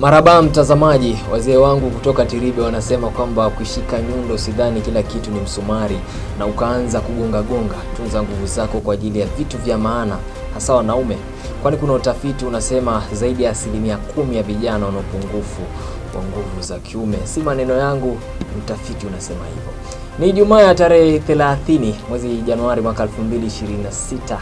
Maraba mtazamaji, wazee wangu kutoka Tiribe wanasema kwamba ukishika nyundo sidhani kila kitu ni msumari na ukaanza kugongagonga. Tunza nguvu zako kwa ajili ya vitu vya maana, hasa wanaume, kwani kuna utafiti unasema zaidi ya asilimia kumi ya vijana wana upungufu wa nguvu za kiume. Si maneno yangu, utafiti unasema hivyo. Ni Ijumaa ya tarehe 30 mwezi Januari mwaka 2026.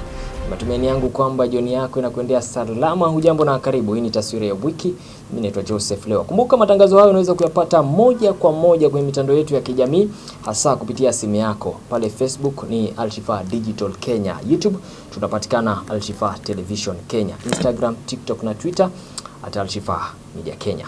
Matumaini yangu kwamba jioni yako inakuendea salama. Hujambo na karibu, hii ni taswira ya wiki. Mimi naitwa Joseph Lewa. Kumbuka matangazo hayo unaweza kuyapata moja kwa moja kwenye mitandao yetu ya kijamii, hasa kupitia simu yako. Pale Facebook ni Alshifa Digital Kenya, YouTube tunapatikana Alshifa Television Kenya, Instagram, TikTok na Twitter at Alshifa Media Kenya.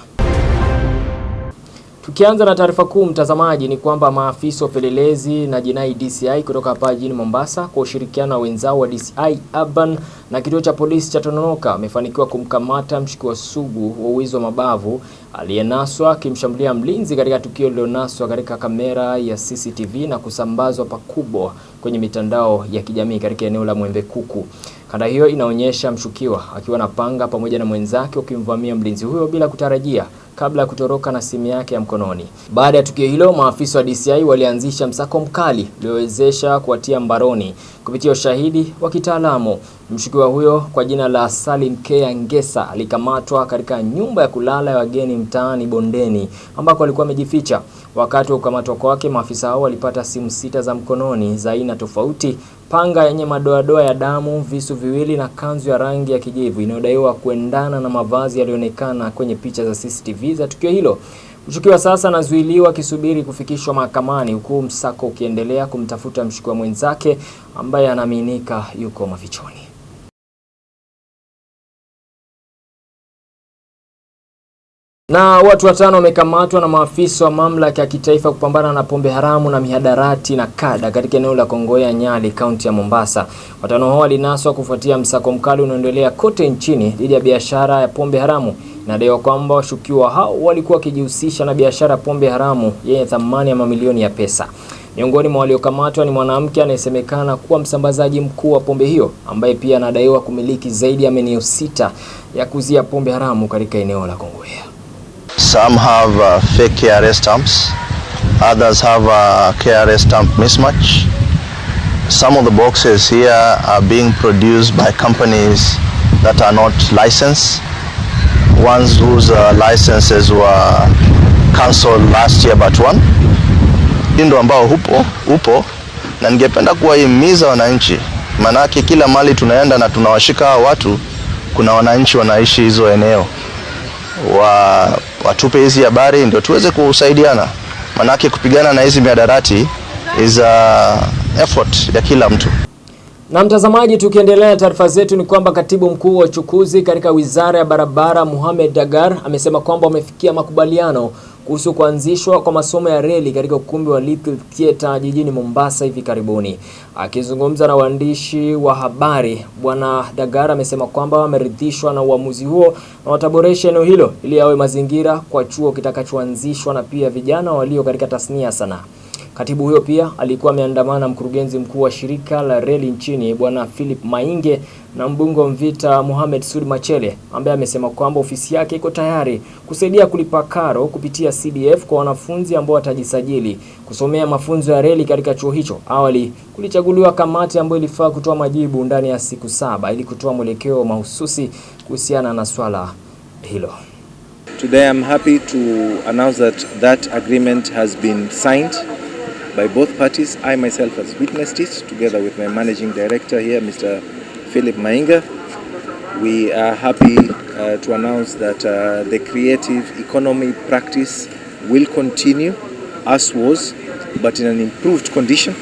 Tukianza na taarifa kuu mtazamaji, ni kwamba maafisa wa upelelezi na jinai DCI kutoka hapa jijini Mombasa kwa ushirikiano na wenzao wa DCI Urban na kituo cha polisi cha Tononoka wamefanikiwa kumkamata mshukiwa sugu wa wizi wa mabavu aliyenaswa akimshambulia mlinzi katika tukio lililonaswa katika kamera ya CCTV na kusambazwa pakubwa kwenye mitandao ya kijamii katika eneo la Mwembe Kuku. Kanda hiyo inaonyesha mshukiwa akiwa na panga pamoja na mwenzake wakimvamia mlinzi huyo bila kutarajia kabla ya kutoroka na simu yake ya mkononi. Baada ya tukio hilo, maafisa wa DCI walianzisha msako mkali uliowezesha kuwatia mbaroni kupitia ushahidi wa kitaalamu. Mshukiwa huyo kwa jina la Salim Kea Ngesa alikamatwa katika nyumba ya kulala ya wageni mtaani Bondeni ambako alikuwa amejificha. Wakati wa ukamatwa kwake, maafisa hao walipata simu sita za mkononi za aina tofauti, panga yenye madoadoa ya damu, visu viwili na kanzu ya rangi ya kijivu inayodaiwa kuendana na mavazi yaliyoonekana kwenye picha za CCTV za tukio hilo. Mshukiwa sasa anazuiliwa akisubiri kufikishwa mahakamani huku msako ukiendelea kumtafuta mshukiwa mwenzake ambaye anaaminika yuko mafichoni. Na watu watano wamekamatwa na maafisa wa mamlaka ya kitaifa kupambana na pombe haramu na mihadarati na kada katika eneo la Kongowea Nyali, kaunti ya Mombasa. Watano hao walinaswa kufuatia msako mkali unaoendelea kote nchini dhidi ya biashara ya pombe haramu. Inadaiwa kwamba washukiwa hao walikuwa wakijihusisha na biashara ya pombe haramu yenye thamani ya mamilioni ya pesa. Miongoni mwa waliokamatwa ni mwanamke anayesemekana kuwa msambazaji mkuu wa pombe hiyo ambaye pia anadaiwa kumiliki zaidi ya maeneo sita ya kuzia pombe haramu katika eneo la Kongowea. Some have uh, fake KRA stamps. Others have a uh, KRA stamp mismatch. Some of the boxes here are being produced by companies that are not licensed. Ones whose uh, licenses were cancelled last year but one. Ndio ambao hupo, upo na ningependa kuwahimiza wananchi, maanake kila mali tunaenda na tunawashika hao watu, kuna wananchi wanaishi hizo eneo wa watupe hizi habari ndio tuweze kusaidiana, manake kupigana na hizi miadarati is a effort ya kila mtu. Na mtazamaji, tukiendelea na taarifa zetu ni kwamba katibu mkuu wa uchukuzi katika wizara ya barabara Mohamed Dagar amesema kwamba wamefikia makubaliano kuhusu kuanzishwa kwa masomo ya reli katika ukumbi wa Little Theatre jijini Mombasa hivi karibuni. Akizungumza na waandishi wa habari, Bwana Dagara amesema kwamba wameridhishwa na uamuzi huo na wataboresha eneo hilo ili yawe mazingira kwa chuo kitakachoanzishwa na pia vijana walio katika tasnia ya sanaa. Katibu huyo pia alikuwa ameandamana mkurugenzi mkuu wa shirika la reli nchini Bwana Philip Mainge na mbunge wa Mvita Mohamed Sud Machele ambaye amesema kwamba ofisi yake iko tayari kusaidia kulipa karo kupitia CDF kwa wanafunzi ambao watajisajili kusomea mafunzo ya reli katika chuo hicho. Awali kulichaguliwa kamati ambayo ilifaa kutoa majibu ndani ya siku saba ili kutoa mwelekeo mahususi kuhusiana na swala hilo. Today I'm happy to announce that that agreement has been signed by both parties. I myself has witnessed it together with my managing director here, Mr. Philip Mainga. We are happy uh, to announce that uh, the creative economy practice will continue as was, but in an improved condition.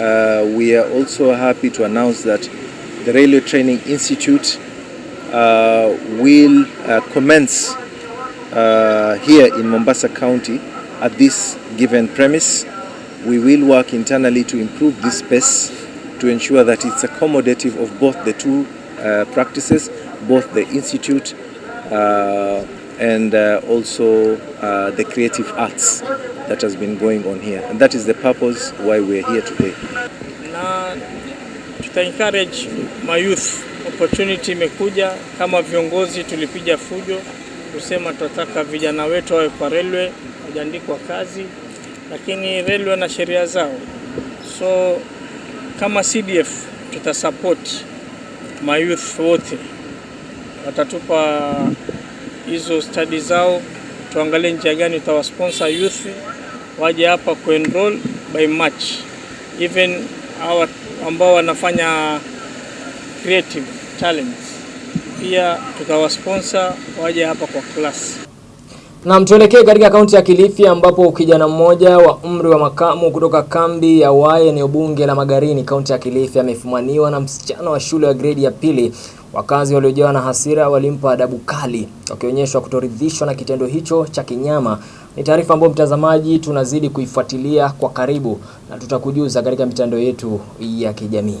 Uh, we are also happy to announce that the Railway Training Institute uh, will uh, commence uh, here in Mombasa County at this given premise. We will work internally to improve this space to ensure that it's accommodative of both the two uh, practices, both the institute uh, and uh, also uh, the creative arts that has been going on here. And that is the purpose why we're here today. Na tuta encourage my youth. Opportunity imekuja kama viongozi tulipiga fujo kusema tunataka vijana wetu wawe kwa railway, wajaandikwa kazi, lakini railway na sheria zao. So kama CDF tutasupport mayouth wote, watatupa hizo study zao, tuangalie njia gani utawasponsor youth waje hapa kuenroll by March. Even hawa ambao wanafanya creative talent pia tutawasponsa waje hapa kwa klasi. Na tuelekee katika kaunti ya Kilifi ambapo kijana mmoja wa umri wa makamu kutoka kambi ya Wae eneo bunge la Magarini kaunti ya Kilifi amefumaniwa na msichana wa shule ya gredi ya pili. Wakazi waliojawa na hasira walimpa adabu kali, wakionyeshwa kutoridhishwa na kitendo hicho cha kinyama. Ni taarifa ambayo mtazamaji, tunazidi kuifuatilia kwa karibu na tutakujuza katika mitandao yetu ya kijamii.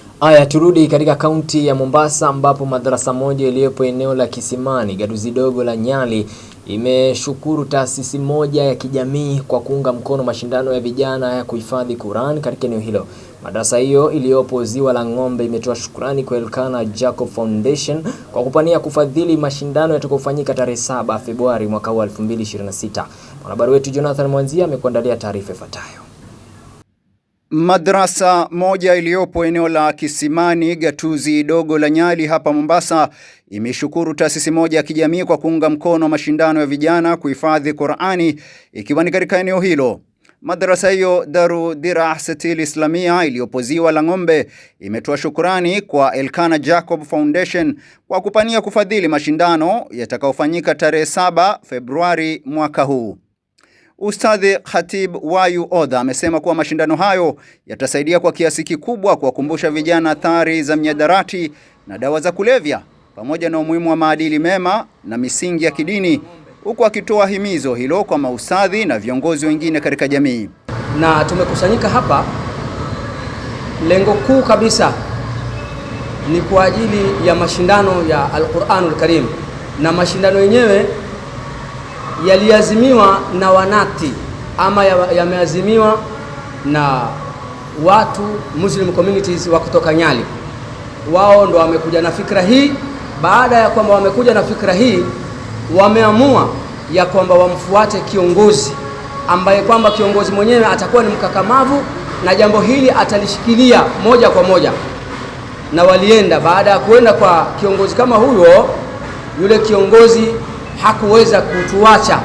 Haya, turudi katika kaunti ya Mombasa ambapo madarasa moja iliyopo eneo la Kisimani, gaduzi dogo la Nyali imeshukuru taasisi moja ya kijamii kwa kuunga mkono mashindano ya vijana ya kuhifadhi Qur'an katika eneo hilo. Madarasa hiyo iliyopo Ziwa la Ng'ombe imetoa shukrani kwa Elkana Jacob Foundation kwa kupania kufadhili mashindano yatakayofanyika tarehe 7 Februari mwaka 2026. Mwanahabari wetu Jonathan Mwanzia amekuandalia taarifa ifuatayo. Madrasa moja iliyopo eneo la Kisimani, gatuzi dogo la Nyali hapa Mombasa, imeshukuru taasisi moja ya kijamii kwa kuunga mkono mashindano ya vijana kuhifadhi Qur'ani ikiwa ni katika eneo hilo. Madrasa hiyo Daru setil Islamia iliyopo Ziwa la Ng'ombe imetoa shukurani kwa Elkana Jacob Foundation kwa kupania kufadhili mashindano yatakayofanyika tarehe 7 Februari mwaka huu. Ustadhi Khatib Wayu Odha amesema kuwa mashindano hayo yatasaidia kwa kiasi kikubwa kuwakumbusha vijana athari za mihadarati na dawa za kulevya pamoja na umuhimu wa maadili mema na misingi ya kidini, huku akitoa himizo hilo kwa maustadhi na viongozi wengine katika jamii. Na tumekusanyika hapa, lengo kuu kabisa ni kwa ajili ya mashindano ya Al-Qur'anul Karim, na mashindano yenyewe yaliazimiwa na wanati ama yameazimiwa na watu Muslim communities wa kutoka Nyali. Wao ndo wamekuja na fikra hii. Baada ya kwamba wamekuja na fikra hii, wameamua ya kwamba wamfuate kiongozi ambaye kwamba kiongozi mwenyewe atakuwa ni mkakamavu na jambo hili atalishikilia moja kwa moja. Na walienda, baada ya kuenda kwa kiongozi kama huyo, yule kiongozi hakuweza kutuacha.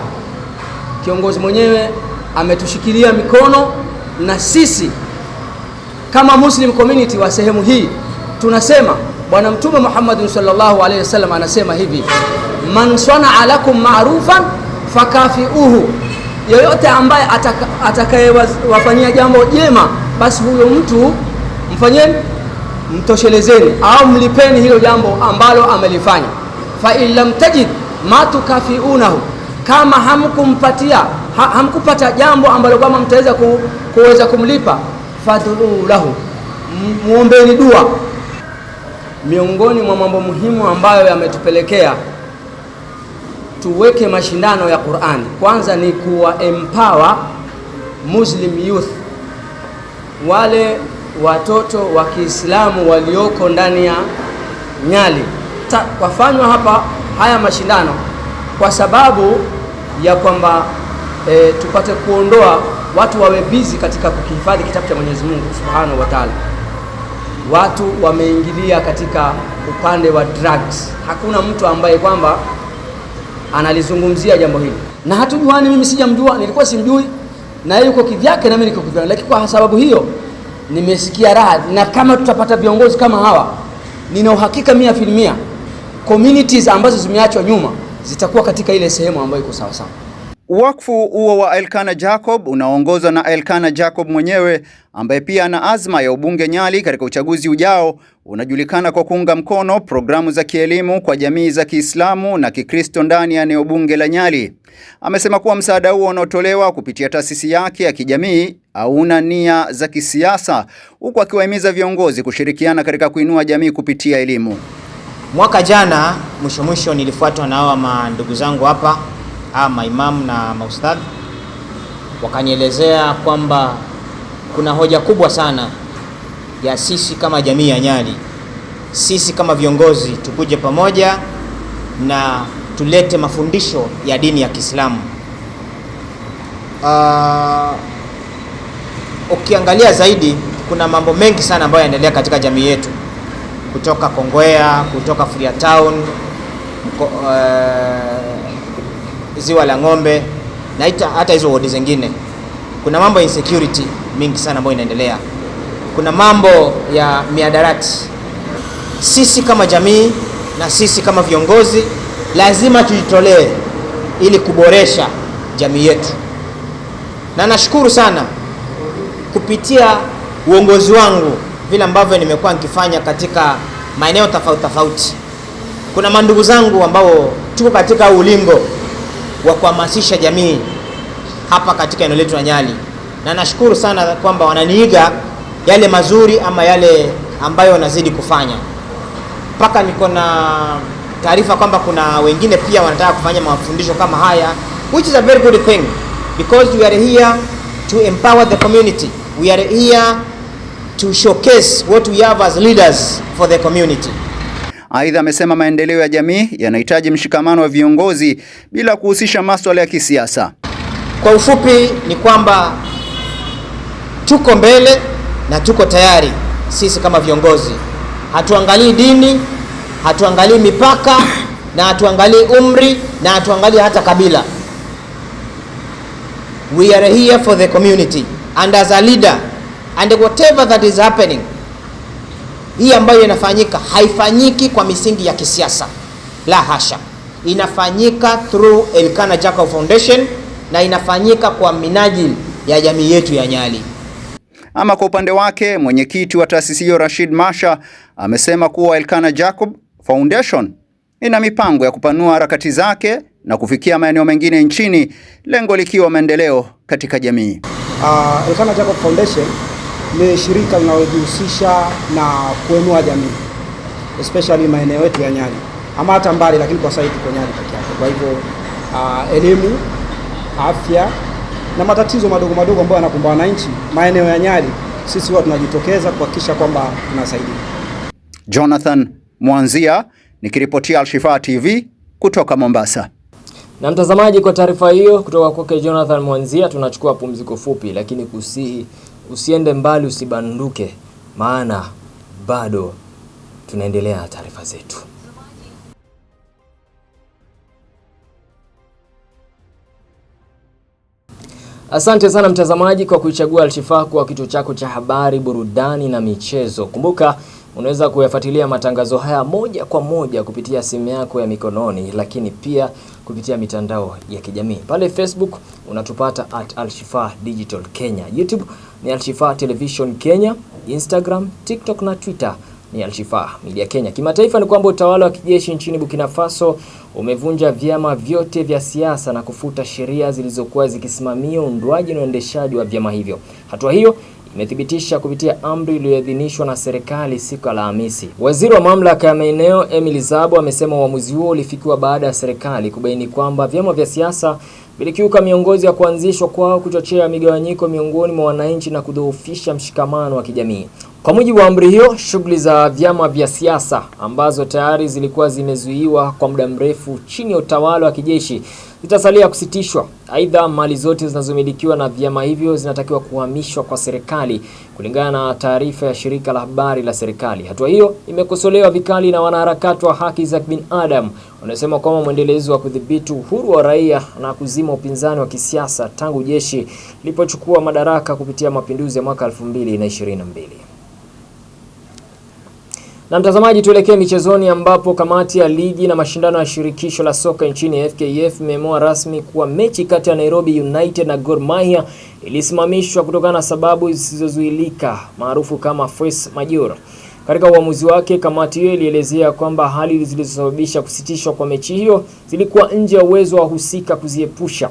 Kiongozi mwenyewe ametushikilia mikono, na sisi kama Muslim community wa sehemu hii tunasema Bwana Mtume Muhammadin sallallahu alaihi wasallam anasema hivi, man sanaa lakum marufan fakafiuhu, yoyote ambaye atakayewafanyia jambo jema, basi huyo mtu mfanyeni, mtoshelezeni au mlipeni hilo jambo ambalo amelifanya. Fa in lam tajid matukafiunahu, kama hamkumpatia ha, hamkupata jambo ambalo kwamba mtaweza ku, kuweza kumlipa faduu lahu, muombeeni dua. Miongoni mwa mambo muhimu ambayo yametupelekea tuweke mashindano ya Qur'ani kwanza ni kuwa empower Muslim youth, wale watoto wa Kiislamu walioko ndani ya Nyali. kwafanywa hapa haya mashindano kwa sababu ya kwamba e, tupate kuondoa watu wawe bizi katika kukihifadhi kitabu cha Mwenyezi Mungu Subhanahu wa Ta'ala. Watu wameingilia katika upande wa drugs. Hakuna mtu ambaye kwamba analizungumzia jambo hili, na hatujuani. Mimi sijamjua, nilikuwa simjui, na yeye yuko kivyake na mimi niko kivyake, lakini kwa sababu hiyo nimesikia raha, na kama tutapata viongozi kama hawa, nina uhakika mia filmia communities ambazo zimeachwa nyuma zitakuwa katika ile sehemu ambayo iko sawa sawa. Wakfu huo wa Elkana Jacob unaoongozwa na Elkana Jacob mwenyewe ambaye pia ana azma ya ubunge Nyali katika uchaguzi ujao, unajulikana kwa kuunga mkono programu za kielimu kwa jamii za Kiislamu na Kikristo ndani ya eneo bunge la Nyali. Amesema kuwa msaada huo unaotolewa kupitia taasisi yake ya kijamii hauna nia za kisiasa, huku akiwahimiza viongozi kushirikiana katika kuinua jamii kupitia elimu. Mwaka jana mwisho mwisho nilifuatwa na hawa mandugu zangu hapa hawa maimamu na maustadhi, wakanielezea kwamba kuna hoja kubwa sana ya sisi kama jamii ya Nyali, sisi kama viongozi tukuje pamoja na tulete mafundisho ya dini ya Kiislamu. Uh, ukiangalia zaidi kuna mambo mengi sana ambayo yanaendelea katika jamii yetu kutoka Kongwea, kutoka Freetown, uh, eh, ziwa la Ng'ombe na ita, hata hizo wodi zingine. Kuna mambo ya insecurity mingi sana ambayo inaendelea, kuna mambo ya miadarati. Sisi kama jamii na sisi kama viongozi lazima tujitolee ili kuboresha jamii yetu, na nashukuru sana kupitia uongozi wangu vile ambavyo nimekuwa nikifanya katika maeneo tofauti tofauti. Kuna mandugu zangu ambao tuko katika ulingo wa kuhamasisha jamii hapa katika eneo letu la Nyali, na nashukuru sana kwamba wananiiga yale mazuri ama yale ambayo wanazidi kufanya. Mpaka niko na taarifa kwamba kuna wengine pia wanataka kufanya mafundisho kama haya, which is a very good thing because we are here to empower the community. We are here to showcase what we have as leaders for the community. Aidha, amesema maendeleo ya jamii yanahitaji mshikamano wa viongozi bila kuhusisha masuala ya kisiasa. Kwa ufupi ni kwamba tuko mbele na tuko tayari sisi kama viongozi. Hatuangalii dini, hatuangalii mipaka na hatuangalii umri na hatuangalii hata kabila. We are here for the community and as a leader and whatever that is happening, hii ambayo inafanyika haifanyiki kwa misingi ya kisiasa, la hasha. Inafanyika through Elkana Jackal Foundation na inafanyika kwa minajili ya jamii yetu ya Nyali. Ama kwa upande wake mwenyekiti wa taasisi hiyo Rashid Masha amesema kuwa Elkana Jacob Foundation ina mipango ya kupanua harakati zake na kufikia maeneo mengine nchini, lengo likiwa maendeleo katika jamii. Uh, Elkana Jacob Foundation ni shirika linalojihusisha na kuenua jamii especially maeneo yetu ya Nyali ama hata mbali, lakini kwa sasa tuko Nyali peke yake. Kwa hivyo uh, elimu, afya na matatizo madogo madogo ambayo yanakumba wananchi maeneo ya Nyali, sisi huwa tunajitokeza kuhakikisha kwamba tunasaidia. Jonathan Mwanzia nikiripotia Alshifa TV kutoka Mombasa. Na mtazamaji, kwa taarifa hiyo kutoka kwake Jonathan Mwanzia, tunachukua pumziko fupi, lakini kusihi usiende mbali, usibanduke, maana bado tunaendelea na taarifa zetu. Asante sana mtazamaji kwa kuichagua alshifa kuwa kituo chako cha habari, burudani na michezo. Kumbuka unaweza kuyafuatilia matangazo haya moja kwa moja kupitia simu yako ya mikononi, lakini pia kupitia mitandao ya kijamii. Pale Facebook unatupata at Alshifa Digital Kenya, YouTube ni Alshifa Television Kenya, Instagram, TikTok na Twitter ni Alshifa Media Kenya. Kimataifa ni kwamba utawala wa kijeshi nchini Burkina Faso umevunja vyama vyote vya siasa na kufuta sheria zilizokuwa zikisimamia undwaji na uendeshaji wa vyama hivyo. Hatua hiyo imethibitisha kupitia amri iliyoidhinishwa na serikali siku ya Alhamisi. Waziri wa mamlaka ya maeneo Emily Zabo amesema uamuzi huo ulifikiwa baada ya serikali kubaini kwamba vyama vya siasa Bilikiuka miongozo ya kuanzishwa kwao, kuchochea migawanyiko miongoni mwa wananchi na kudhoofisha mshikamano wa kijamii. Kwa mujibu wa amri hiyo, shughuli za vyama vya siasa ambazo tayari zilikuwa zimezuiwa kwa muda mrefu chini ya utawala wa kijeshi zitasalia kusitishwa. Aidha, mali zote zinazomilikiwa na vyama hivyo zinatakiwa kuhamishwa kwa serikali, kulingana na taarifa ya shirika la habari la serikali. Hatua hiyo imekosolewa vikali na wanaharakati wa haki za binadamu wanasema kwamba mwendelezo wa kudhibiti uhuru wa raia na kuzima upinzani wa kisiasa tangu jeshi lilipochukua madaraka kupitia mapinduzi ya mwaka 2022. Na mtazamaji, tuelekee michezoni ambapo kamati ya ligi na mashindano ya shirikisho la soka nchini FKF imeamua rasmi kuwa mechi kati ya Nairobi United na Gor Mahia ilisimamishwa kutokana na sababu zisizozuilika maarufu kama force majeure. Katika uamuzi wake, kamati hiyo ilielezea kwamba hali zilizosababisha kusitishwa kwa mechi hiyo zilikuwa nje ya uwezo wa wahusika kuziepusha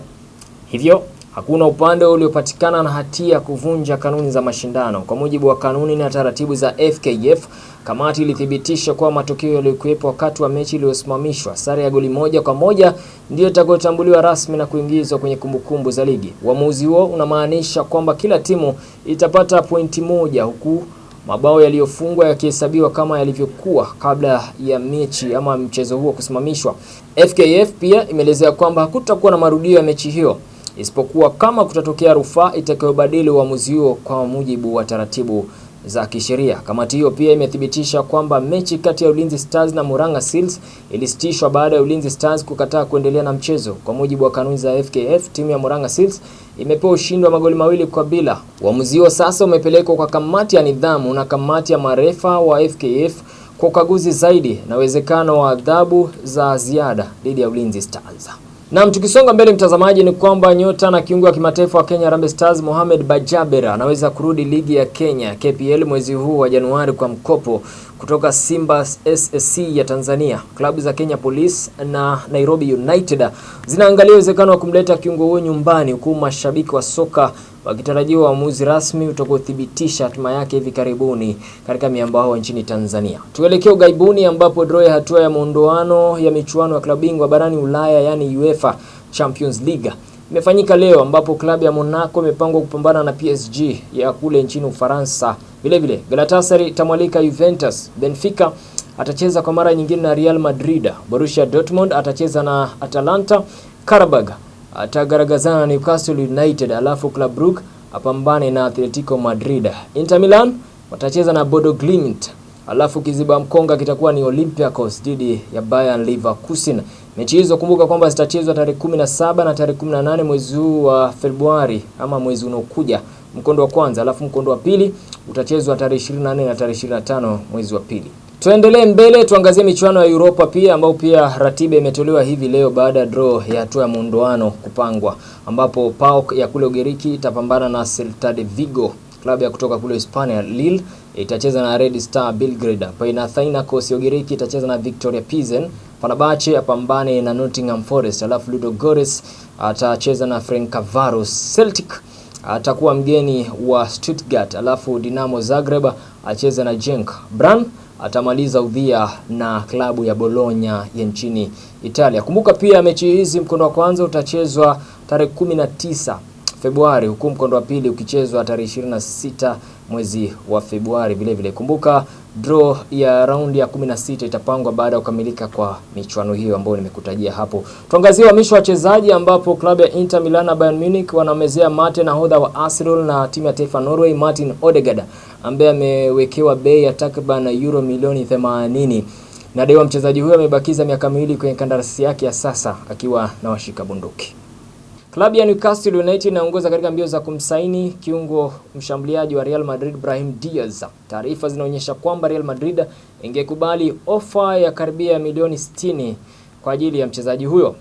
hivyo Hakuna upande uliopatikana na hatia ya kuvunja kanuni za mashindano. Kwa mujibu wa kanuni na taratibu za FKF, kamati ilithibitisha kuwa matokeo yaliyokuwepo wakati wa mechi iliyosimamishwa, sare ya goli moja kwa moja, ndiyo itakayotambuliwa rasmi na kuingizwa kwenye kumbukumbu za ligi. Uamuzi huo unamaanisha kwamba kila timu itapata pointi moja huku mabao yaliyofungwa yakihesabiwa kama yalivyokuwa kabla ya mechi ama mchezo huo kusimamishwa. FKF pia imeelezea kwamba hakutakuwa na marudio ya mechi hiyo isipokuwa kama kutatokea rufaa itakayobadili uamuzi huo kwa mujibu wa taratibu za kisheria. Kamati hiyo pia imethibitisha kwamba mechi kati ya Ulinzi Stars na Murang'a Seals ilisitishwa baada ya Ulinzi Stars kukataa kuendelea na mchezo. Kwa mujibu wa kanuni za FKF, timu ya Murang'a Seals imepewa ushindi wa magoli mawili kwa bila. Uamuzi huo sasa umepelekwa kwa kamati ya nidhamu na kamati ya marefa wa FKF kwa ukaguzi zaidi na uwezekano wa adhabu za ziada dhidi ya Ulinzi Stars. Naam, tukisonga mbele mtazamaji, ni kwamba nyota na kiungo wa kimataifa wa Kenya Harambee Stars Mohamed Bajaber anaweza kurudi ligi ya Kenya KPL mwezi huu wa Januari kwa mkopo kutoka Simba SSC ya Tanzania. Klabu za Kenya Police na Nairobi United zinaangalia uwezekano wa kumleta kiungo huyo nyumbani huku mashabiki wa soka wakitarajiwa uamuzi rasmi utakaothibitisha hatima yake hivi karibuni katika miambao nchini Tanzania. Tuelekee ugaibuni ambapo draw ya hatua ya mondoano ya michuano ya klabu bingwa barani Ulaya yani UEFA Champions League imefanyika leo ambapo klabu ya Monaco imepangwa kupambana na PSG ya kule nchini Ufaransa. Vilevile Galatasaray itamwalika Juventus, Benfica atacheza kwa mara nyingine na Real Madrid, Borussia Dortmund atacheza na Atalanta, Karabag atagaragazana na Newcastle United, alafu Club Brugge apambane na Atletico Madrid. Inter Milan watacheza na Bodo Glimt, alafu kiziba mkonga kitakuwa ni Olympiacos dhidi ya Bayern Leverkusen. Mechi hizo kumbuka kwamba zitachezwa tarehe 17 na tarehe 18 mwezi huu wa Februari ama mwezi unaokuja, mkondo wa kwanza, alafu mkondo wa pili utachezwa tarehe 24 na tarehe 25 mwezi wa pili. Tuendelee mbele tuangazie michuano ya Europa pia ambayo pia ratiba imetolewa hivi leo baada ya draw ya hatua ya muondoano kupangwa ambapo PAOK ya kule Ugiriki itapambana na Celta de Vigo, klabu ya kutoka kule Hispania. Lille itacheza na Red Star Belgrade. Panathinaikos ya Ugiriki itacheza na Victoria Pilsen. Fenerbahce apambane na Nottingham Forest, alafu Ludogorets atacheza na Ferencvaros. Celtic atakuwa mgeni wa Stuttgart, alafu Dinamo Zagreb acheza na Genk. Brann atamaliza udhia na klabu ya Bologna ya nchini Italia. Kumbuka pia mechi hizi mkondo wa kwanza utachezwa tarehe 19 Februari huku mkondo wa pili ukichezwa tarehe 26 mwezi wa Februari vilevile. Kumbuka Draw ya raundi ya 16 itapangwa baada ya kukamilika kwa michuano hiyo ambayo nimekutajia hapo. Tuangazie uhamisho wa wachezaji ambapo klabu ya Inter Milan na Bayern Munich wanamezea mate nahodha wa Arsenal na timu ya taifa Norway Martin Odegaard ambaye amewekewa bei ya takriban euro milioni 80. Nadaiwa mchezaji huyo amebakiza miaka miwili kwenye kandarasi yake ya sasa akiwa na washika bunduki. Klabu ya Newcastle United inaongoza katika mbio za kumsaini kiungo mshambuliaji wa Real Madrid Brahim Diaz. Taarifa zinaonyesha kwamba Real Madrid ingekubali ofa ya karibia milioni 60 kwa ajili ya mchezaji huyo.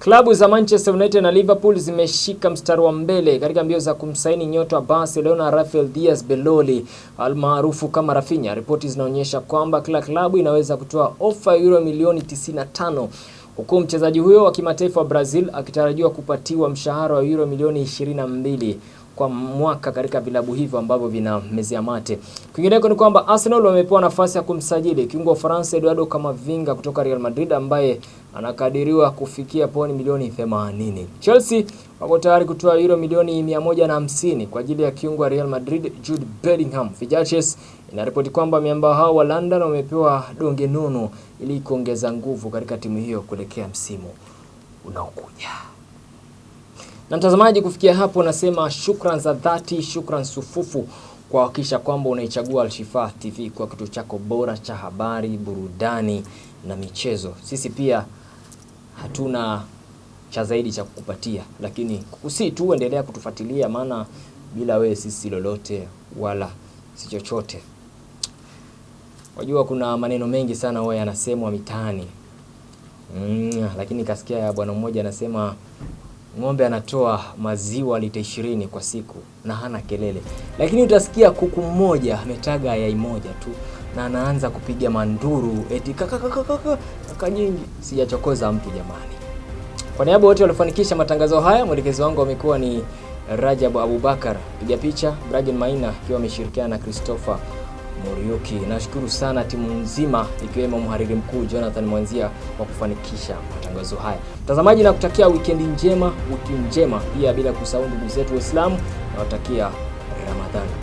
Klabu za Manchester United na Liverpool zimeshika mstari wa mbele katika mbio za kumsaini nyota wa Barcelona Rafael Diaz Beloli almaarufu kama Rafinha. Ripoti zinaonyesha kwamba kila klabu inaweza kutoa ofa ya euro milioni 95 huku mchezaji huyo wa kimataifa wa Brazil akitarajiwa kupatiwa mshahara wa euro milioni 22 kwa mwaka katika vilabu hivyo ambavyo vina mezia mate. Kwingineko ni kwamba Arsenal wamepewa nafasi ya kumsajili kiungo wa Ufaransa Eduardo Camavinga kutoka Real Madrid ambaye anakadiriwa kufikia pauni milioni 80. Chelsea wako tayari kutoa euro milioni 150 kwa ajili ya kiungo wa Real Madrid Jude Bellingham. Fijaches Inaripoti kwamba miamba hao wa London wamepewa donge nono ili kuongeza nguvu katika timu hiyo kuelekea msimu unaokuja. Na mtazamaji, kufikia hapo nasema shukran za dhati, shukran sufufu kwa kuhakikisha kwamba unaichagua Alshifa TV kwa kituo chako bora cha habari, burudani na michezo. Sisi pia hatuna cha zaidi cha kukupatia, lakini kukusi tu endelea kutufuatilia, maana bila wewe sisi lolote wala si chochote. Wajua kuna maneno mengi sana huwa yanasemwa mitaani mm, lakini kasikia ya bwana mmoja anasema ng'ombe anatoa maziwa lita ishirini kwa siku na hana kelele, lakini utasikia kuku mmoja ametaga yai moja tu na anaanza kupiga manduru eti kaka kaka kaka kaka nyingi. Sijachokoza mtu jamani. Kwa niaba wote waliofanikisha matangazo haya, mwelekezi wangu amekuwa ni Rajab Abubakar, piga picha Brian Maina akiwa ameshirikiana na Christopher Muriuki. Nashukuru sana timu nzima ikiwemo mhariri mkuu Jonathan Mwanzia kwa kufanikisha matangazo haya. Mtazamaji, na kutakia wikendi njema, wiki njema pia, bila kusahau ndugu zetu Waislamu, nawatakia Ramadhani